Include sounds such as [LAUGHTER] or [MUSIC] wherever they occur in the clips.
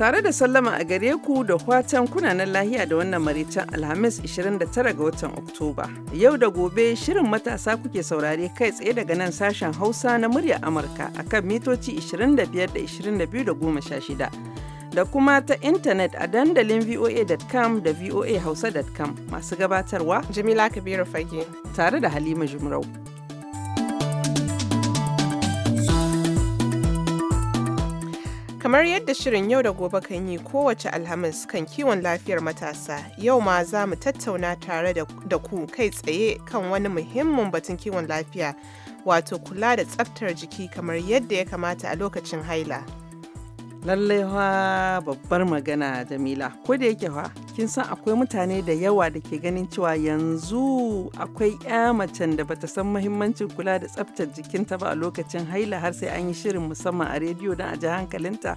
Tare da sallama a gare ku da kwatan kunanan lahiya da wannan maraicen Alhamis 29 ga watan Oktoba. Yau da gobe shirin matasa kuke saurare kai tsaye daga nan sashen Hausa na murya Amurka akan mitoci 25 da 22 da 16. da kuma ta intanet a dandalin voa.com da VOA Hausa.com, masu gabatarwa Jamila Kabiru Fage tare da Halima Jumrau. Kamar yadda shirin yau da gobe kan yi kowace Alhamis kan kiwon lafiyar matasa, yau ma za mu tattauna tare da ku kai tsaye kan wani muhimmin batun kiwon lafiya, wato kula da tsaftar jiki kamar yadda ya kamata a lokacin haila. Lallai babbar magana Jamila, ko da yake kin san akwai mutane da yawa da ke ganin cewa yanzu akwai 'ya macen da bata san mahimmancin kula da tsaftar jikinta ba a lokacin haila har sai an yi shirin musamman a rediyo don a ji hankalinta.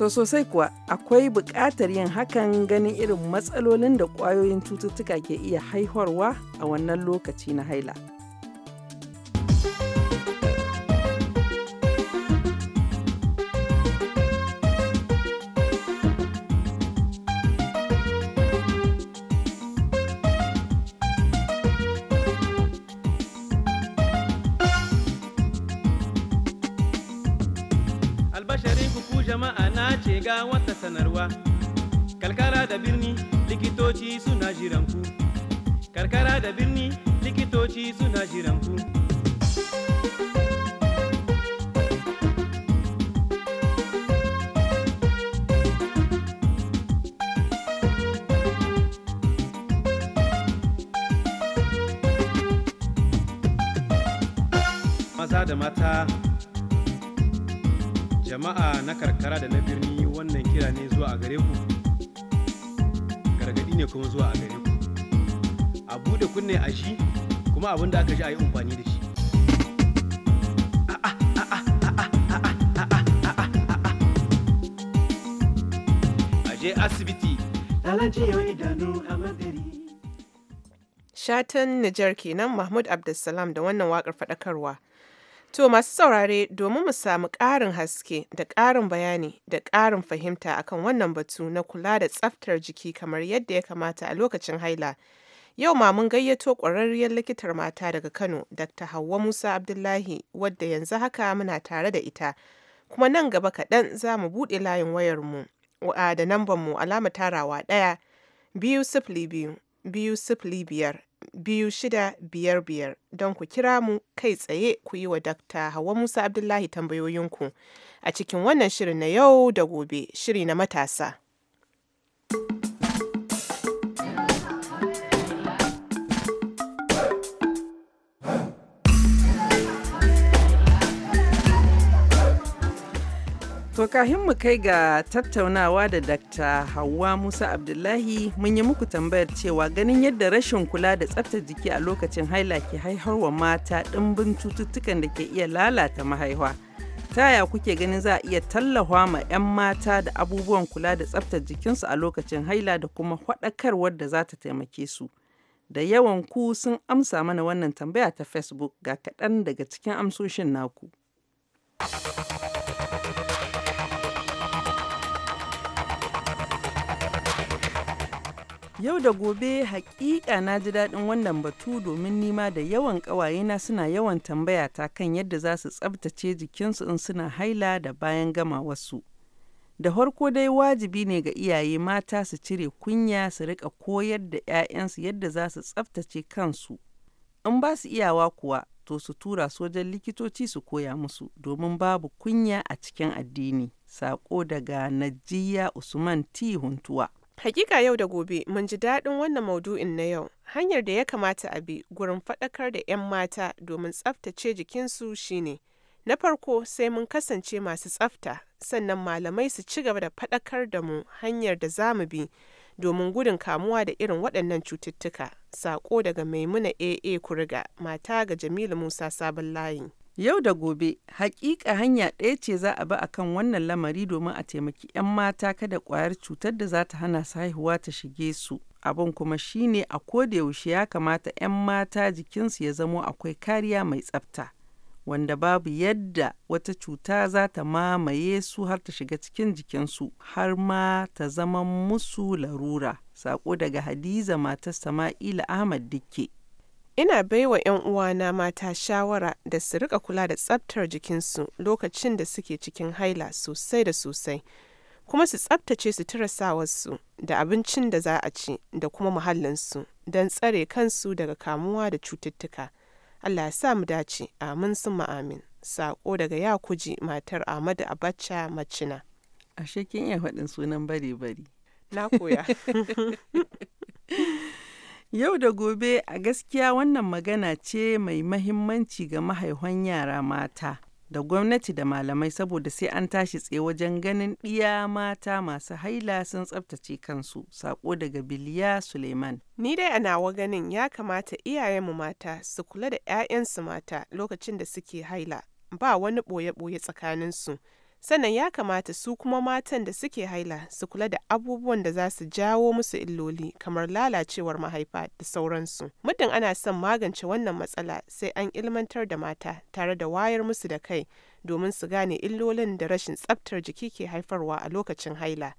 To sosai kuwa akwai buƙatar yin hakan ganin irin matsalolin da ƙwayoyin cututtuka ke iya haihuwa a wannan lokaci na haila. ma'ana ce ga wata sanarwa karkara da birni likitoci suna jiranku karkara da birni likitoci suna jiranku maza da mata jama'a na karkara da na birni wannan kira ne zuwa a gare ku gargadi ne kuma zuwa a gare ku a bude kunne a shi kuma abin da aka ji a yi amfani da shi je asibiti idanu a madari shatan Nijar kenan Mahmud Abdulsalam da wannan wakar faɗakarwa. To masu saurare domin mu samu ƙarin haske da ƙarin bayani da ƙarin fahimta akan wannan batu na kula da tsaftar jiki kamar yadda ya kamata a lokacin haila. Yau ma mun gayyato ƙwararriyar likitar mata daga Kano, Dr. Hauwa Musa Abdullahi, wadda yanzu haka muna tare da ita. Kuma nan gaba kaɗan za mu buɗe layin wayarmu da mu alama tarawa ɗaya biyu sifili biyu biyu sifili biyar biyu shida biyar biyar don ku kira mu kai tsaye ku yi wa dakta Hawa Musa Abdullahi tambayoyinku a cikin wannan shirin na yau da gobe shiri na matasa. To kafin mu kai ga tattaunawa da Dr. Hauwa Musa Abdullahi mun yi muku tambayar cewa ganin yadda rashin kula da tsaftar jiki a lokacin haila ke haiharwa mata ɗimbin cututtukan da ke iya lalata mahaihwa, Ta ya kuke ganin za a iya tallafa ma 'yan mata da abubuwan kula da tsaftar jikinsu a lokacin haila da kuma faɗakarwar da za ta taimake su. Da yawan ku sun amsa mana wannan tambaya ta Facebook ga kaɗan daga cikin amsoshin naku. Yau da gobe hakika na ji daɗin wannan batu domin nima da yawan ƙawayena suna yawan tambaya ta kan yadda za su tsabtace jikinsu in suna haila da bayan gama wasu. Da farko dai wajibi ne ga iyaye mata su cire kunya su rika koyar da 'ya'yansu yadda za su tsabtace kansu. In ba su iyawa kuwa to su tura sojan likitoci su koya musu domin babu kunya a cikin addini. Sako daga Najiya Usman T. Huntuwa. Hakika yau da gobe mun ji daɗin wannan maudu'in na yau, hanyar da ya kamata a bi gurin faɗakar da 'yan mata domin tsaftace jikinsu shi ne, na farko sai mun kasance masu tsafta, sannan malamai su ci gaba da faɗakar da mu hanyar da za mu bi domin gudun kamuwa da irin waɗannan cututtuka. Sako daga Maimuna AA Kuriga, mata ga Jamilu Musa Sabon Layi. Yau da gobe, haƙiƙa hanya ɗaya ce za a bi kan wannan lamari domin a taimaki 'yan mata kada ƙwayar cutar da za ta hana su haihuwa ta shige su. Abin kuma shine a yaushe ya kamata 'yan mata jikinsu ya zamo akwai kariya mai tsafta, wanda babu yadda wata cuta za ta mamaye su har ta shiga cikin jikinsu har ma ta zama musu larura. Sako daga Hadiza matar Sama'ila Ahmad Dikke. Ina baiwa 'yan uwana mata shawara da su rika kula da tsabtar jikinsu lokacin da suke cikin haila sosai da sosai, kuma su tsabtace tsaftace wasu da abincin da za a ci da kuma muhallinsu don tsare kansu daga kamuwa da cututtuka. Allah ya sa mu dace, amin sun amin. sako daga ya Yakuji matar Ahmadu Abacha Macina. Ashe kin iya faɗin sunan bari-bari. Na koya. [LAUGHS] [LAUGHS] Yau da gobe a gaskiya wannan magana ce mai mahimmanci ga mahaihwan yara mata da gwamnati da malamai saboda sai an tashi tsaye wajen ganin ɗiya mata masu haila sun tsabtace kansu sako daga Biliya Suleiman. Ni dai a nawa ganin ya kamata iyayenmu mata su kula da 'ya'yansu mata lokacin da suke haila ba wani ɓoye-ɓoye tsakaninsu sannan ya kamata su kuma matan da suke haila su kula da abubuwan da za su jawo musu illoli kamar lalacewar mahaifa da sauransu muddin ana son magance wannan matsala sai an ilmantar da mata tare da wayar musu da kai domin su gane illolin da rashin tsabtar jiki ke haifarwa a lokacin haila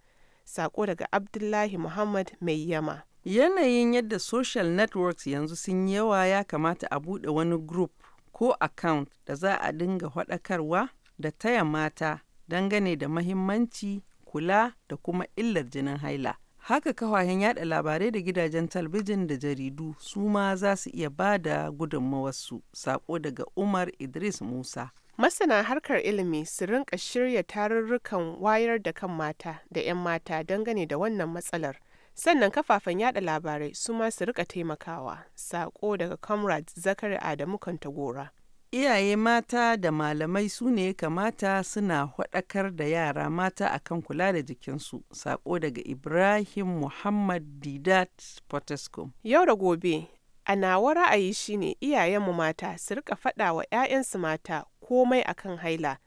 sako daga abdullahi muhammad mai yama yanayin yadda social networks yanzu sun yawa ya kamata a buɗe wani group ko account da za a dinga faɗakarwa da taya mata dangane da mahimmanci, kula da kuma illar jinin haila. Haka kafafen yada labarai da gidajen talbijin da jaridu su ma za su iya ba da gudunmawarsu. Sako daga Umar Idris Musa. Masana harkar ilimi su rinka shirya tarurrukan wayar da kan mata da 'yan mata dangane da wannan matsalar. Sannan kafafen yada labarai su ma su rika taimakawa. Sako daga Comrade Zakari Adamu Kantagora. Iyaye mata da malamai su ne ya kamata suna hudakar da yara mata akan kula da jikinsu. Sako daga Ibrahim Muhammad Didat Potescom. Yau da gobe, a nawa ra'ayi shine iyayenmu mata su rika faɗa wa 'ya'yansu mata komai akan haila.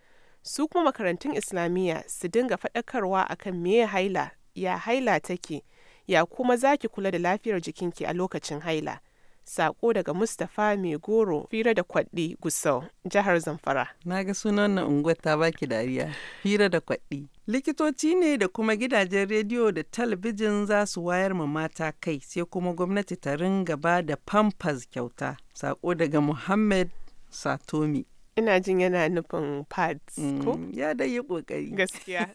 Su kuma makarantun Islamiyya su dinga faɗakarwa akan meye haila, ya haila take, ya kuma zaki kula da lafiyar jikinki a lokacin haila. Sako daga Mustapha Mai Goro, Fira da Kwaɗi, Gusau, Jihar Zamfara. Na ga sunan wannan unguwar ta baki dariya, Fira da Kwaɗi. Likitoci ne da kuma gidajen rediyo da talabijin za su wayar ma mata kai, sai kuma gwamnati ta ringa ba da pampers kyauta. Sako daga Muhammad Satomi. ina jin yana nufin pads ko mm, ya da yi kokari gaskiya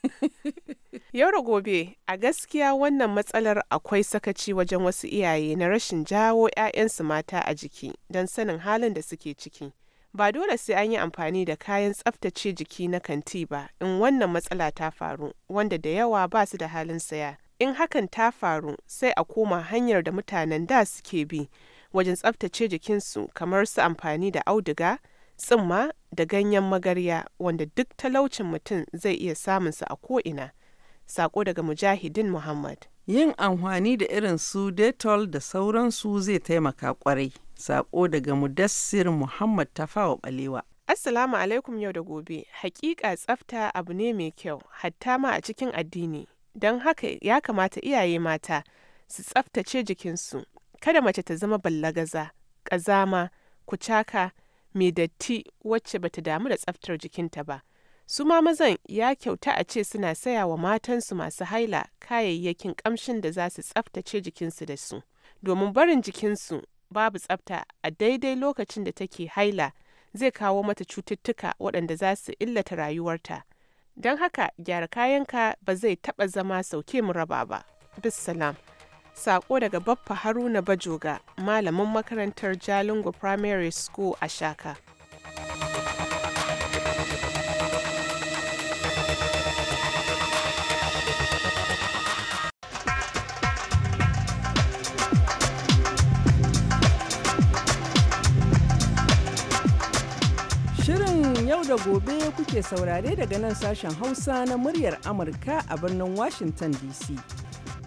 [LAUGHS] yau da gobe a gaskiya wannan matsalar akwai sakaci wajen wasu iyaye na rashin jawo 'ya'yansu mata a jiki don sanin halin da suke ciki ba dole sai an yi amfani da kayan tsaftace jiki na kanti ba in wannan matsala ta faru wanda da yawa ba su da halin saya in hakan ta faru sai a koma hanyar da mutanen da suke bi wajen tsaftace jikinsu kamar su amfani da auduga tsimma da ganyen magarya wanda duk talaucin mutum zai iya samun samunsa a ko'ina. Sako daga Mujahidin Muhammad. Yin amfani da irin su Detol da sauransu zai taimaka kwarai. Sako daga Mudassir Muhammad ta Tafawa Balewa. Assalamu alaikum yau da gobe. Hakika tsafta abu ne mai kyau, hatta ma a cikin addini. Don haka ya kamata iyaye mata su tsaftace jikinsu. Kada mace ta zama ballagaza, kazama kucaka, mai datti wacce bata damu da tsaftar jikinta ba. Su ma mazan ya kyauta a ce suna saya wa matansu masu haila kayayyakin kamshin da za su tsaftace jikinsu da su. Domin barin jikinsu babu tsafta a daidai lokacin da take haila zai kawo mata cututtuka waɗanda za su illata rayuwarta. Don haka gyara kayanka ba zai taɓa zama sauke mu raba ba. Bissalam. Sako daga Baffa Haruna Bajoga, malamin makarantar Jalingo Primary School a Shaka. da gobe kuke saurare daga nan sashen Hausa na muryar Amurka a birnin Washington DC.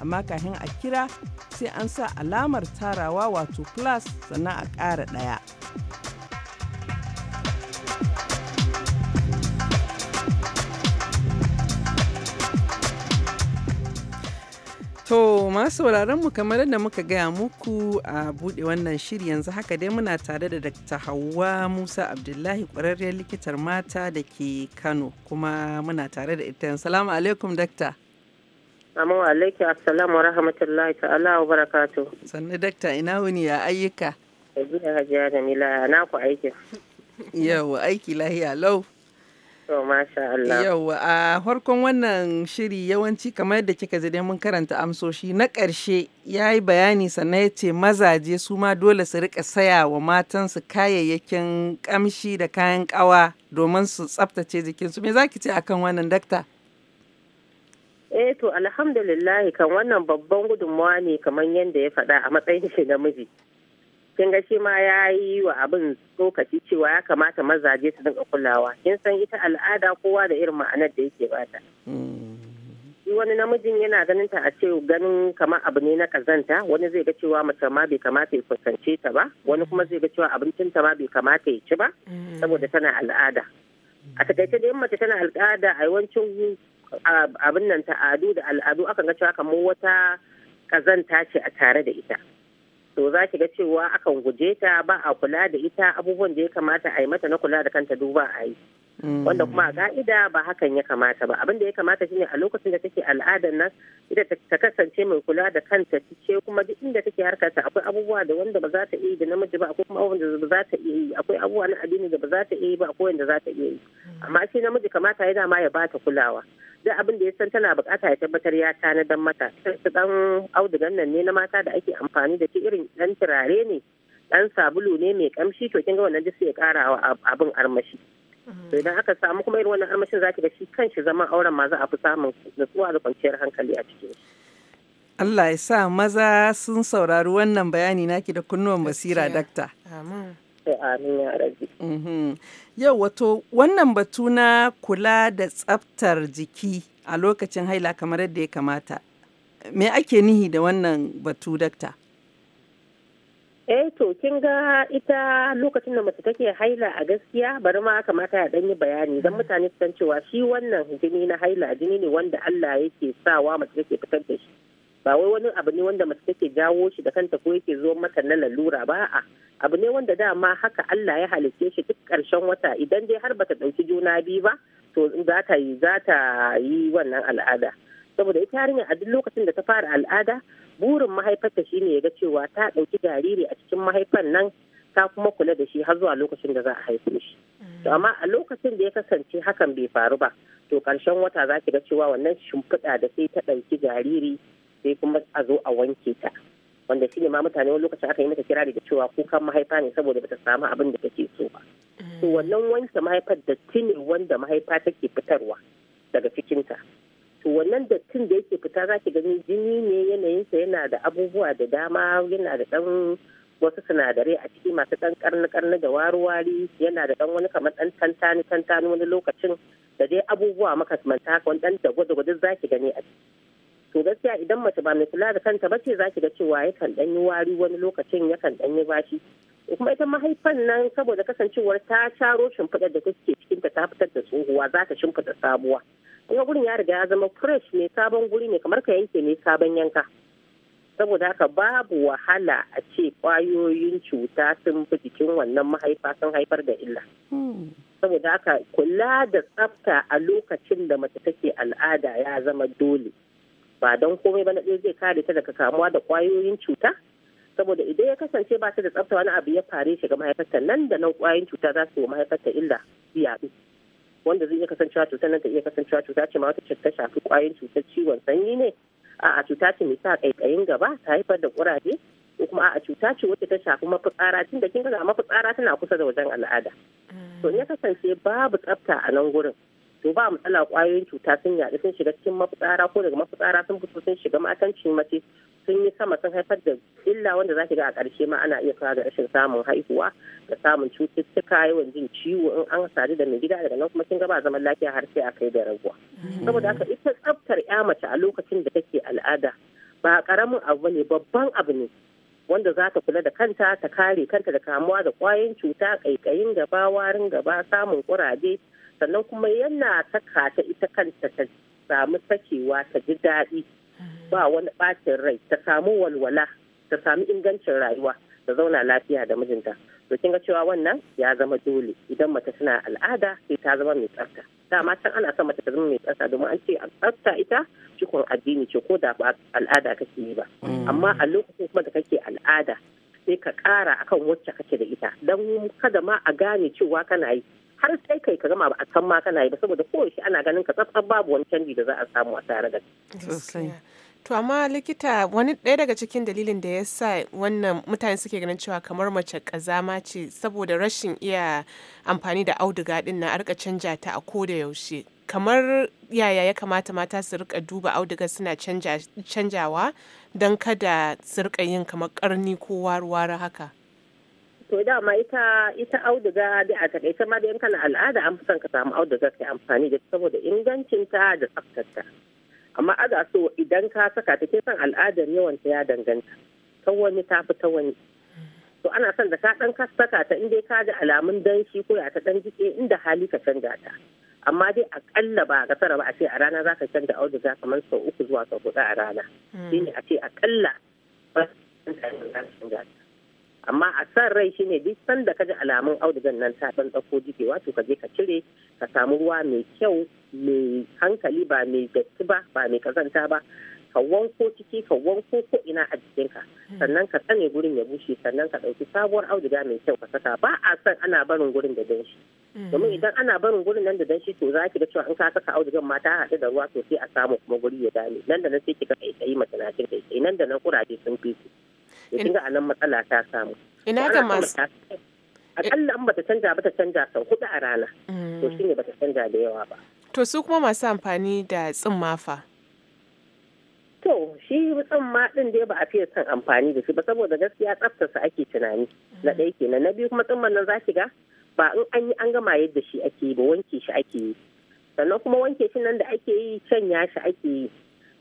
amma kafin a kira sai an sa alamar tarawa wato plus sannan a ƙara ɗaya. To masu mu kamar da muka gaya muku a buɗe wannan shiri yanzu haka dai muna tare da Dr. Hauwa Musa Abdullahi ƙwararriyar likitar mata da ke Kano kuma muna tare da ita. Salamu alaikum Dr. Amma alaiki assalamu wa rahmatullahi ta'ala wa barakatu. Sannu dakta ina wuni ya ayyuka? Hajiya hajiya da milaya na ku aikin. Yau, aiki lahiya lau. To masha Allah. Yau, a farkon wannan shiri yawanci kamar yadda kika ji mun karanta amsoshi na ƙarshe ya yi bayani sannan ya ce mazaje su ma dole su rika saya wa matansu kayayyakin ƙamshi da kayan ƙawa domin su tsaftace jikinsu. Me za ki ce akan wannan dakta? Eh to alhamdulillah kan wannan babban gudunmawa ne kamar yadda ya faɗa a matsayin shi miji Kin ga shi ma ya yi wa abin tsokaci cewa ya kamata mazaje su dinga kulawa. Kin san ita al'ada kowa da irin ma'anar da yake bata. Shi wani namijin yana ganin ta a ce ganin kamar abu ne na kazanta wani zai ga cewa mace ma bai kamata ya kusance ta ba wani kuma zai ga cewa abincin ta ma bai kamata ya ci ba mm. saboda tana al'ada. A takaice da mace tana al'ada a yawancin abin nan ta'adu da al'adu akan ga cewa kamar wata kazanta ce a tare da ita to za ki ga cewa akan guje ta ba a kula da ita abubuwan da ya kamata a yi mata na kula da kanta duba a yi mm. wanda kuma a ka'ida ba hakan ya kamata ba abin da ya kamata shine a lokacin da take al'adar nan ita ta kasance mai kula da kanta ce kuma duk inda take harkar ta akwai abubuwa da wanda ba za ta iya da namiji ba akwai kuma abubuwan da ba za ta iya yi akwai abubuwa na addini da ba za ta iya yi ba akwai wanda za ta iya yi amma shi namiji kamata ya dama ya bata kulawa duk abin da ya san tana bukata ya tabbatar ya tanadan mata su dan audugan nan ne na mata da ake amfani da shi irin dan turare ne dan sabulu ne mai kamshi to kin ga wannan duk sai ya kara wa abin armashi to idan aka samu kuma irin wannan armashin zaki ga shi kanshi zaman auren ma za a fi samun nutsuwa da kwanciyar hankali a cikin shi Allah ya sa maza sun saurari wannan bayani naki da kunnuwan basira dakta. Amin. to amin ya rabi. Mhm. Yau wato wannan batu na kula da tsaftar jiki a lokacin haila kamar yadda ya kamata. Me ake nihi da wannan batu dakta? e to kin ga ita lokacin da mace take haila a gaskiya bari ma kamata ya dan yi bayani dan mm-hmm. mutane su san cewa shi wannan jini na haila jini ne wanda Allah yake sawa mace take fitar da shi. ba wai wani abu ne wanda mace take jawo shi da kanta ko yake zo mata na lalura ba a abu ne wanda dama haka Allah ya halicce shi duk karshen wata idan dai har bata ɗauki juna biyu ba to za ta yi za ta yi wannan al'ada saboda ita yarinya a duk lokacin da ta fara al'ada burin mahaifarta shine ya ga cewa ta ɗauki jariri a cikin mahaifan nan ta kuma kula da shi har zuwa lokacin da za a haife shi mm. to amma a lokacin da ya kasance hakan bai faru ba to karshen wata za ki ga cewa wannan shimfiɗa da sai ta ɗauki jariri sai kuma a zo a wanke ta wanda shi ne ma mutane wani lokacin aka yi mata kirari da cewa kukan mahaifa ne saboda bata samu abin da take so ba to mm. wannan wanke mahaifar datti ne wanda mahaifa take fitarwa daga cikinta to wannan dattin da yake fita za ki gani jini ne yanayinsa yana da abubuwa da dama yana da ɗan wasu sinadarai a ciki masu ɗan karni-karni da waruwari yana da ɗan wani kamar ɗan tantani tantani wani lokacin da dai abubuwa makasmanta haka wani ɗan da gwada-gwada za ki gani a ciki idan mace ba mai kula da kanta ba ce za ki ga cewa yakan kan yi wari wani lokacin yakan kan yi bashi kuma ita mahaifan nan saboda kasancewar ta caro shimfiɗar da take cikin ta fitar da tsohuwa za ta shimfiɗa sabuwa kuma gurin ya riga ya zama fresh ne sabon guri ne kamar ka yanke ne sabon yanka saboda haka babu wahala a ce kwayoyin cuta sun fi jikin wannan mahaifa sun haifar da illa saboda haka kula da tsafta a lokacin da mace take al'ada ya zama dole ba don komai ba na ɗaya zai kare ta daga kamuwa da ƙwayoyin cuta saboda idan ya kasance ba ta da tsafta wani abu ya fare shi ga mahaifarta nan da nan ƙwayoyin cuta za su mahaifarta illa su yaɗu wanda zai iya kasancewa cuta nan ta iya kasancewa cuta ce ma wata ce ta shafi ƙwayoyin cutar ciwon sanyi ne a'a cuta ce mai sa ƙaiƙayin gaba ta haifar da ƙuraje ko kuma a'a cuta ce wacce ta shafi mafitsara tun da kin ga mafitsara tana kusa da wajen al'ada mm. to ya kasance babu tsafta a nan gurin to ba matsala kwayoyin cuta sun yaɗu sun shiga cikin mafitsara ko daga mafitsara sun fito sun shiga matanci mace sun yi sama sun haifar da illa wanda za ki ga a ƙarshe ma ana iya kawo da rashin samun haihuwa da samun cututtuka yawan jin ciwo in an sadu da mai gida daga nan kuma kin ga ba zaman lafiya har sai a kai da raguwa mm. saboda haka ita tsaftar ya mace a lokacin da take al'ada ba karamin abu ne babban abu ne wanda za ta kula da kanta ta kare kanta da kamuwa da kwayoyin cuta kaikayin gaba warin gaba samun kuraje sannan kuma yana saka ta ita kanta ta samu sakewa ta ji daɗi ba wani ɓacin rai ta samu walwala ta samu ingancin rayuwa ta zauna lafiya da mijinta to kin ga cewa wannan ya zama dole idan mace tana al'ada sai ta zama mai tsafta dama can ana son mace ta zama mai tsafta domin an ce tsafta ita cikon addini ce ko da ba al'ada kake yi ba mm. amma a lokacin kuma da kake al'ada sai ka kara akan wacce kake da ita don kada ma a gane cewa kana yi har sai kai ka gama ba a san ma kana yi ba saboda shi ana ganin ka tsatsan babu wani canji da za a samu a tare da To amma likita wani ɗaya daga cikin dalilin da ya sa wannan mutane suke ganin cewa kamar mace kazama ce saboda rashin iya amfani da auduga din na arka canja ta a koda yaushe. Kamar yaya ya kamata mata su rika duba auduga suna canjawa don kada su rika yin kamar karni ko waruwar haka. to dama ita ita auduga da a takaice ma da kana al'ada an fi son ka samu auduga ka amfani da saboda ingancin ta da tsaftarta amma a ga so idan ka saka ta ke son al'adar yawan ta ya danganta ta wani ta fi ta wani to ana son da ka dan ka saka ta inda ka ga alamun danshi ko ya ta dan jike inda hali ka canja ta amma dai a kalla ba a kasar ba a ce a rana za ka canza auduga kamar sau uku zuwa sau hudu a rana hmm. shine a ce a kalla ba ta canza ta amma a san rai shine duk san da kaji alamun audugan nan ta san tsako jiki wato ka je ka cire ka samu ruwa mai kyau mai hankali ba mai datti ba ba mai kazanta ba ka wanko ciki ka wanko ko ina a jikinka sannan ka tsane gurin ya bushe sannan ka ɗauki sabuwar auduga mai kyau ka saka ba a san ana barin gurin da danshi mm. domin idan ana barin gurin nan da danshi to za ki ga cewa in ka saka audugan ma ta haɗu da ruwa sosai a samu kuma guri ya dame nan da nan sai kika kai kai mace na kai nan da nan kuraje sun fi kin ga anan matsala ta samu ina ga masu akalla in bata canja bata canja sau hudu a rana to mm. shine bata canja da yawa ba to su kuma masu amfani da tsimma fa to shi ma din dai ba a fiye son amfani da shi ba saboda gaskiya tsaftarsa ake tunani na ɗaya kenan na biyu kuma tsimman nan ki ga ba in an yi an gama yadda shi ake yi ba wanke shi ake yi sannan kuma wanke shi nan da ake yi canya shi ake yi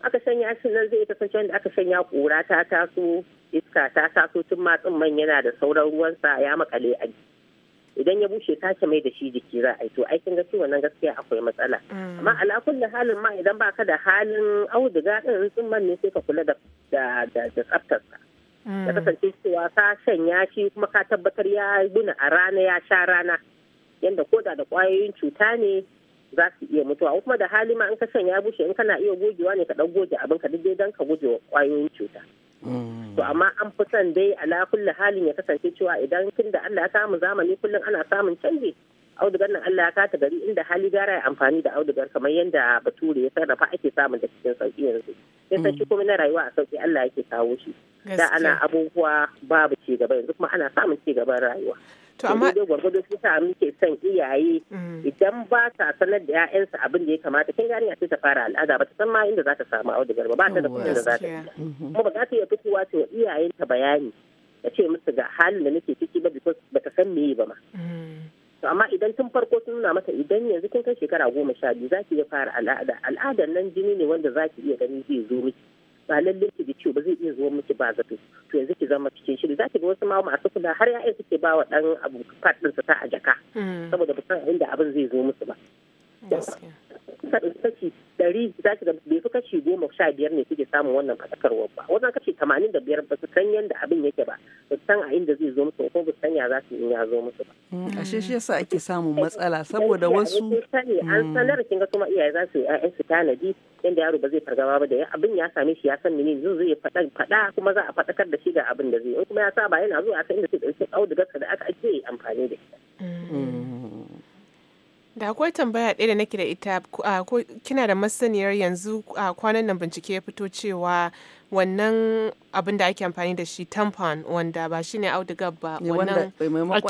aka sanya shi nan zai kasance wanda aka shanya kura ta taso iska ta taso tun matsin man yana da sauran ruwan sa ya makale a idan ya bushe ta mai da shi jiki za a yi to aikin gaske wannan gaskiya akwai matsala mm. amma ala kullum halin ma idan baka da halin auduga din sun man ne sai ka kula da da da tsaftarsa mm. ya kasance cewa ka shanya shi kuma ka tabbatar ya gina a rana ya sha rana yanda koda da kwayoyin cuta ne za su iya mutuwa kuma da hali ma in ka sanya ya bushe in kana iya gogewa ne ka dan goge abin ka dai don ka guje wa kwayoyin cuta. Mm. To amma an fi son dai ala kulli halin ya kasance cewa idan tun da Allah ya samu zamani kullum ana samun canji audugar nan Allah ya kata gari inda hali gara ya amfani da audugar kamar yadda bature ya sarrafa ake samun da cikin sauki yanzu. Sai sai mm. kuma na rayuwa a sauki Allah yake kawo shi. Da ana abubuwa babu ci gaba yanzu kuma ana samun ci gaban rayuwa. To amma dai gwargwado shi sa muke son iyaye mm. idan ba ta sanar da ƴaƴansu abin da ya kamata kin yarinya sai ta fara al'ada ba ta san ma inda za ta samu audugar garba ba ta da kuɗin da za ta mm-hmm. kuma ba za ta iya fitowa ta iyayenta bayani ta ce musu ga halin da nake ciki ba because ba ta san meye ba ma. Mm. to amma idan tun farko sun nuna mata idan yanzu kin kai shekara goma sha biyu za ki iya fara al'ada al'adar nan jini ne wanda za ki iya gani zai zo miki ba lallai ki ji ciwo ba zai iya zuwa miki ba zato to yanzu ki zama cikin shiri za ki ga wasu ma masu kula har ya'ya suke ba wa ɗan abu fat ta a jaka hmm. saboda ba san inda abin zai zo musu ba da kashi ɗari za ki bai fi kashi goma sha biyar ne kuke samun wannan faɗakarwar ba wajen kashi tamanin da biyar ba su san yadda abin yake ba su san a inda zai zo musu ko ba su san ya za su in ya zo musu ba. Mm, a shi yasa ake samun matsala saboda wasu. an mm. sanar kin ga kuma iyaye za su yi su tanadi yadda yaro ba zai fargaba ba da abin ya same shi ya san mene zai zai faɗa kuma za a faɗakar da shi ga abin da zai in kuma ya saba yana zuwa a san inda zai ɗauki audugarsa da aka ake amfani da shi. akwai tambaya ɗaya da nake da ita ah, kina da masaniyar yanzu ah, kwanan nan bincike ya fito cewa wannan abin da ake amfani da shi tampon wanda ba shi ne audigar ba eh, wannan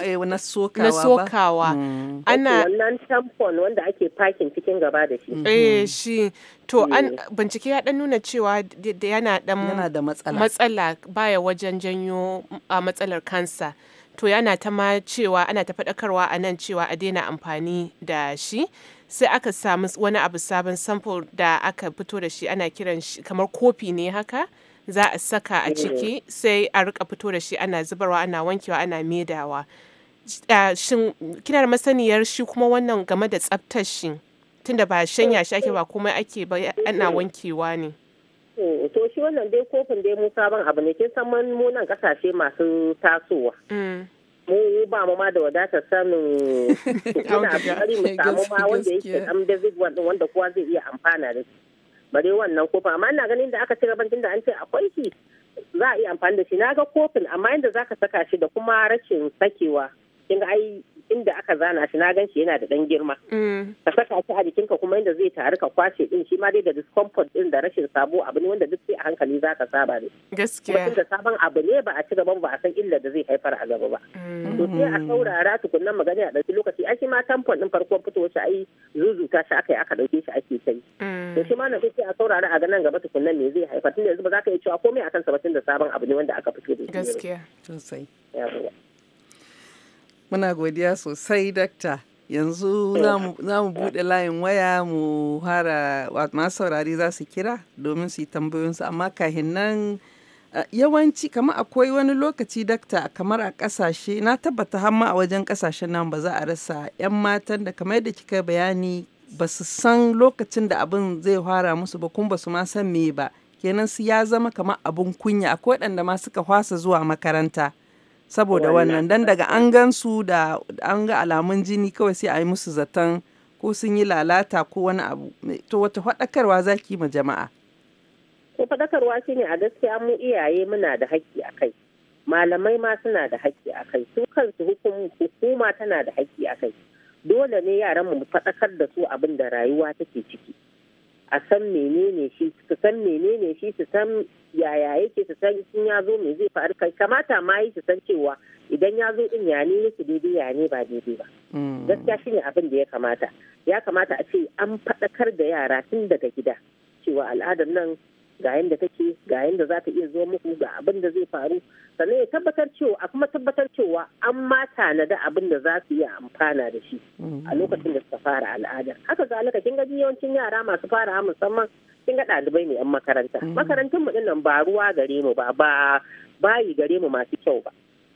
eh, na sokawa hmm. ana wannan tampon wanda ake pakin cikin gaba da shi mm-hmm. eh shi to an eh. bincike ya dan nuna cewa yana da matsala baya wajen janyo ah, matsalar kansa to yana ta ma cewa ana ta faɗakarwa a nan cewa a daina amfani da shi sai aka samu wani abu sabon sample da aka fito da shi ana kiran shi kamar kofi ne haka za a saka a mm. ciki sai a rika fito da shi ana zubarwa ana wankewa ana medawa shin kina da masaniyar shi kuma wannan game da tsaftar shi tunda ba shanya shi ake ba komai ake ba ana wankewa ne to shi wannan dai kofin dai musa sabon abu ne kin san mu nan kasashe masu tasowa mm. mu ba mu ma da wadatar sanin kuna [LAUGHS] bari mu samu ma wanda yake am David wanda wanda kowa zai iya amfana da shi bare wannan kofin amma ina ganin da aka ci gaban da an ce akwai shi za a iya amfani da shi na ga kofin amma yadda zaka saka shi da kuma rashin sakewa kin ai inda aka zana shi na ganshi yana da dan girma mm. ka saka shi a jikinka kuma inda zai taru ka kwashe din shi ma dai da discomfort din da rashin sabo abu ne wanda duk sai a hankali za ka saba ne gaskiya kuma da sabon abu ne ba a ci gaban ba a san illa da zai haifar a gaba ba mm. to sai a saurara tukunnan magana a ɗauki lokaci a shi ma tampon din farkon fitowar shi ai zuzuta shi aka yi aka ɗauke shi ake kai mm. to shi ma na sai a saurara a nan gaba tukunnan me zai haifar tunda yanzu ba za ka iya cewa komai akan sa ba tunda sabon abu ne wanda aka fito da shi gaskiya sosai Muna godiya sosai, dakta. Yanzu za mu buɗe layin waya mu hara masu saurari za su kira domin su yi tambayoyinsu amma kahin nan yawanci kamar akwai wani lokaci dakta kamar a kasashe na tabbata hamma a wajen kasashen nan ba za a rasa 'yan matan da kamar yadda kika bayani ba su san lokacin da abin zai fara musu ba kuma ba su ma san me ba kenan su ya zama kamar abin kunya akwai waɗanda ma suka fasa zuwa makaranta saboda wannan dan daga an gan su da an ga alamun jini kawai sai a yi musu zaton ko sun yi lalata ko wani abu to wata faɗakarwa za ki ma jama'a ko faɗakarwa ne a gaskiya mu iyaye muna da haƙƙi a kai malamai ma suna da haƙƙi a kai su kansu hukuma tana da haƙƙi a kai dole ne yaran mu faɗakar da su abin da rayuwa take ciki a san menene shi su san menene shi su san yaya yake su san in ya zo me zai faru kai kamata ma yi su san cewa idan ya zo din ya ne yake daidai ya ne ba daidai ba mm. gaskiya shine abin da ya kamata ya kamata a ce an faɗakar da yara tun daga gida cewa al'adar nan ga yadda take ga yadda za ta iya zo muku ga abin da zai faru sannan ya tabbatar cewa a kuma tabbatar cewa an ma da abin da za su iya amfana da shi a mm-hmm. lokacin da suka fara al'ada haka ga alaka kin ga yawancin yara masu fara musamman kin ga ɗalibai ne yan makaranta mm-hmm. makarantun mu dinnan ba ruwa gare mu ba ba bayi gare mu masu kyau ba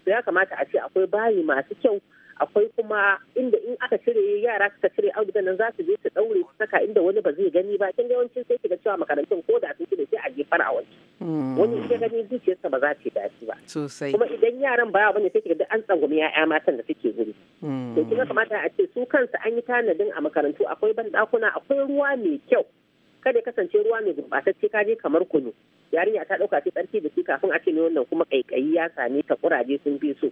ya kamata a ce akwai bayi masu kyau akwai kuma inda in aka cire yara suka cire auduga nan za su je su daure su saka inda wani ba zai gani ba kin yawancin sai kiga cewa makarantun ko da sun cire sai a jefar a wani hmm. wani in ya gani zuciyarsa ba za ta dace ba sosai kuma idan yaran ba bane sai kiga duk an tsangwami ya'ya matan da suke guri hmm. to kin kamata a ce su kansu an yi tanadin a makarantu akwai ban akwai ruwa mai kyau kada ya kasance ruwa mai gurbatacce ka je kamar kunu yarinya ta dauka ta tsarki da shi kafin a ce ne wannan kuma kaikayi ya same ta kuraje sun bi so.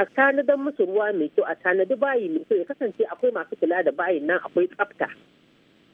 a tanadar musu ruwa mai kyau a tanadi bayi mai kyau ya kasance akwai masu kula da bayin nan akwai tsafta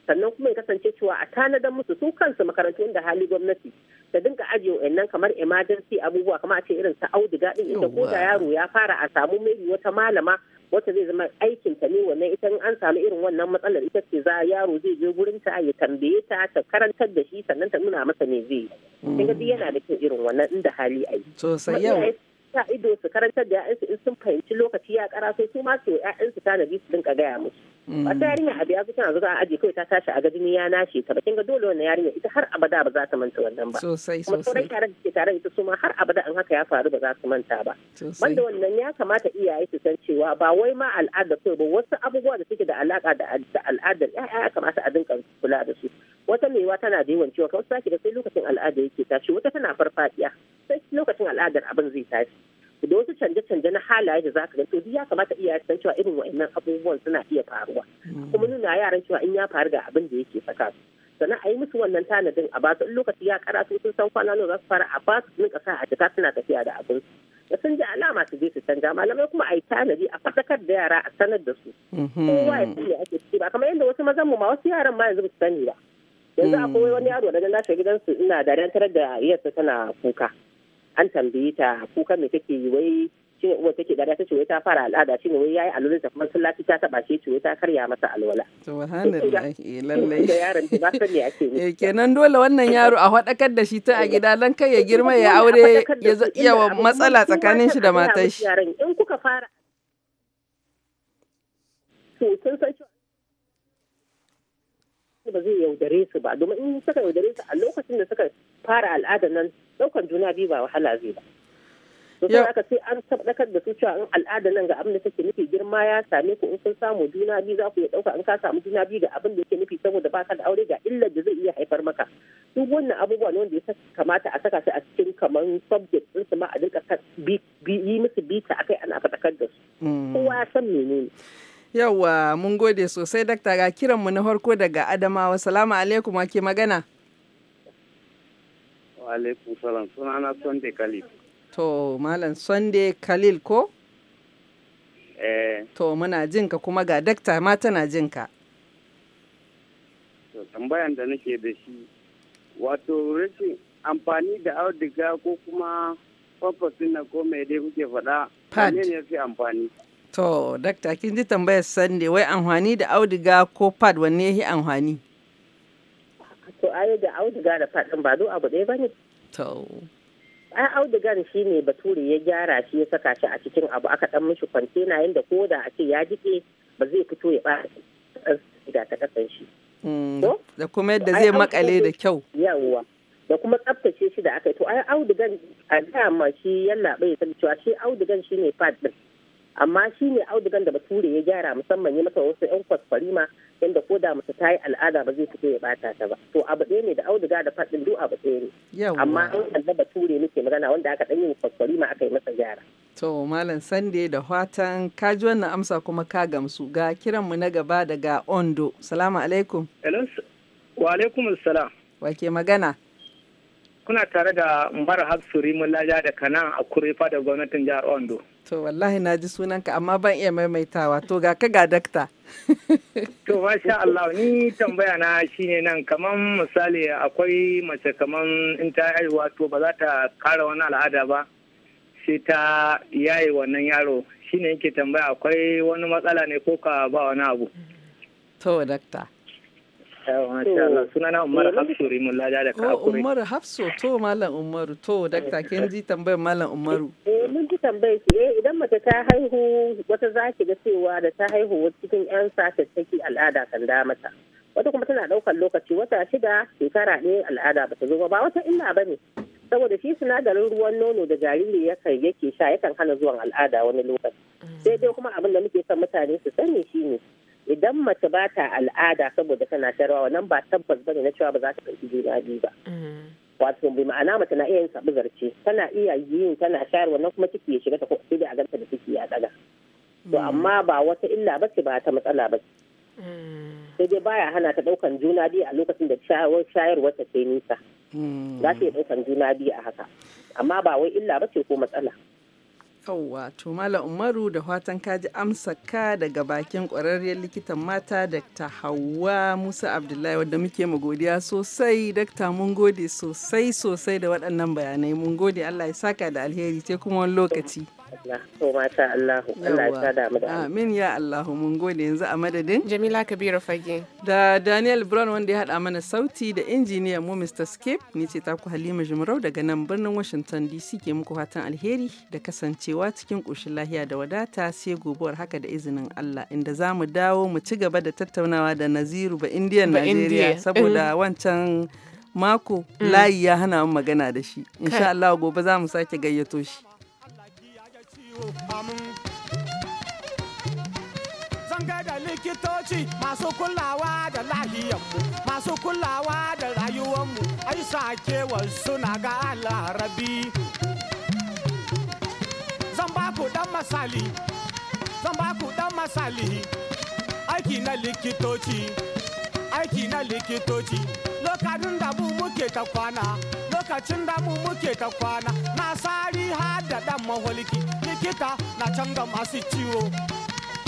sannan kuma ya kasance cewa a tanadar musu su kansu makarantun da hali gwamnati da dinga ajiye nan kamar emergency abubuwa kamar a ce irin ta auduga din inda ko da yaro ya fara a samu mai wata malama wata zai zama aikin ta ne wannan ita an samu irin wannan matsalar ita ce za yaro zai je gurin ta ya tambaye ta ta karantar da shi sannan ta nuna masa me zai yi. Kin ga yana da kyau irin wannan inda hali a yi. sa ido su karantar da 'ya'yansu in sun fahimci lokaci ya kara sai su ma su 'ya'yansu tanadi su dinka gaya musu. wata mm. yarinya abu ya fito a aji kawai ta tashi a gajini ya nashe ta bakin ga dole wannan yarinya ita har abada ba za ta manta wannan ba sosai kuma sauran yaran da ke tare ita su ma har abada in haka ya faru ba za su manta ba banda wannan ya kamata iyaye su san cewa ba wai ma al'adar kawai ba wasu abubuwa da suke da alaka da al'adar ya'ya ya kamata a dinka kula da su wata mewa tana da yawan ciwo kawai sake da sai lokacin al'ada yake tashi wata tana farfadiya sai lokacin al'adar abin zai tashi da wasu canje-canje na halaye da zaka ganto to ya kamata iyaye san cewa irin wa'annan abubuwan suna iya faruwa mm. kuma nuna yaran cewa in ya faru ga abin da yake saka su sannan a yi musu wannan tanadin a basu in lokaci ya su sun san kwana nawa za su fara a basu su kasa a jika suna tafiya da abin su da sun ji alama su je su canja malamai kuma a yi tanadi a faɗakar da yara a sanar da su mm-hmm. kowa ya ya ake ciki ba kamar yadda wasu mazan mu ma wasu yaran ma yanzu ba sani ba yanzu akwai mm. wani yaro da na shiga gidansu ina da tarar da yarsa tana kuka an tambayi ta kukan me kake yi wai shi ne uwa take dariya ta ce wai ta fara al'ada shi ne wai yayi alwala ta masallaci ta taba shi ce wai ta karya masa alwala subhanallahi eh, lallai da yaron ba san me ake yi eh, kenan dole wannan yaro a hadakar da shi ta a gida dan kai ya girma ya aure ya wa matsala tsakanin shi da matar shi in kuka fara to sun san ba zai yaudare su ba domin in suka yaudare su a lokacin da suka fara al'adar nan ɗaukan juna biyu ba wahala zai ba to sai aka ce an tabbatar da su cewa in al'ada nan ga abin da take nufi girma ya same ku in sun samu juna biyu za ku iya dauka in ka samu juna biyu ga abin da yake nufi saboda baka da aure ga illar da zai iya haifar maka duk wannan abubuwa ne wanda ya kamata a saka su a cikin kamar subject din su ma a dinka yi musu bita akai ana faɗakar da su mm. kowa ya san menene yawwa mun gode sosai dakta ga kiranmu na farko daga adamawa salamu alaikum wake magana alaikum salam sunana Sunday Khalil. To Malam Sunday Khalil ko? Eh. To muna jinka kuma ga dakta ma tana jinka. To tambayan da nake da shi wato rashin amfani da audiga ko kuma fafasin na ko mai dai kuke faɗa. Pad. Ne ne fi amfani. To dakta kin ji tambayar Sunday wai amfani da audiga ko pad wanne ya amfani? aya da auduga da faɗin ba zo abu ɗaya ba ne. To. audugan shi ne bature ya gyara shi ya saka shi a cikin abu aka ɗan mishi kwantena yadda ko da a ce ya jike ba zai fito ya ɓata da ta kasan shi. Mm. Da kuma yadda zai makale da kyau. Yawwa. Da kuma tsaftace shi da aka yi. To ai audugan a dama shi yalla bai san cewa shi audugan shi ne fad din. Amma shi ne audugan da bature ya gyara musamman ya masa wasu 'yan kwaskwarima inda ko da mace ta yi al'ada ba zai fito ya bata ta ba to abu ɗaya ne da auduga da faɗin duk abu ɗaya ne amma in ba ture nake magana wanda aka ɗan yi kwaskwari ma aka yi masa gyara to malam sande da fatan ka ji wannan amsa kuma ka gamsu ga kiranmu na gaba daga ondo salamu alaikum wa alaikum salam wa ke magana kuna tare da mbar hafsu rimun laja da kana a kurefa da gwamnatin jihar ondo To wallahi na ji sunanka amma ban iya maimaitawa to ga ka ga dakta. to masha Allah ni tambaya na shine nan kamar misali akwai mace kamar in ta haihuwa to ba za ta kara wani al'ada ba sai ta yaye wannan yaro shine yake tambaya akwai wani matsala ne ko ka ba wani abu. To dakta. sunana Umar eh, Hafsu lada da oh, Umar Hafsu to Malam Umaru to dakta kin ji tambayar Malam Umaru. Eh, eh mun ji tambayar ki eh idan mace ta haihu wata za ki ga cewa da ta haihu cikin yan sata take al'ada kan da mata. Wata kuma tana daukar lokaci wata shida shekara ɗaya al'ada ba ta zo ba wata illa ba ne. saboda shi sinadarin ruwan nono da jariri yakan yake sha yakan hana zuwan al'ada wani lokaci mm. sai dai kuma abin da muke son mutane su sani shine idan mace ba ta al'ada saboda tana sharawa wannan ba tabbas bane na cewa ba za ta ɗauki juna biyu ba mm-hmm. wato bai ma'ana mace na iya yin sabu zarce tana iya yin tana shayarwa wannan kuma ciki ya shiga ta ko sai dai a ganta da ciki ya tsaga to mm-hmm. amma ba wata illa ba ce ba ta matsala ba mm-hmm. sai dai baya hana ta ɗaukan juna biyu a lokacin da shayarwar ta sai nisa za ta iya ɗaukan juna biyu a haka amma ba wai illa ba ce ko matsala Yawwa, to Malam Umaru da fatan kaji amsa ka daga bakin ƙwararriyar likitan mata Dr. Hauwa Musa Abdullahi wadda muke mu godiya sosai. dr mun gode sosai sosai da waɗannan bayanai. Mun gode Allah ya saka da alheri sai kuma wani lokaci. Allahu, Amin ya Allahu, mun gode yanzu a madadin. Jamila Kabiru Fage. Da Daniel Brown wanda ya haɗa mana sauti da injiniyan mu Mr. Skip, ni ce ta ku Halima Jumarau daga nan birnin Washington DC ke muku fatan alheri da kasancewa cikin ƙoshin lahiya da wadata sai gobuwar haka da izinin Allah inda za mu dawo mu ci gaba da tattaunawa da Naziru ba indiya Najeriya saboda mm. wancan mako mm. layi ya hana mu magana da shi. Insha Allah gobe za mu sake gayyato shi. likitoci masu kulawa da lahiyanmu masu kulawa da rayuwanmu ai sakewar suna ga alarabi zan ba ku dan masali zan ba ku dan masali aiki na likitoci aiki na likitoci lokacin da mu muke ta kwana lokacin da mu muke ta kwana na sari har da dan maholiki likita na canza masu ciwo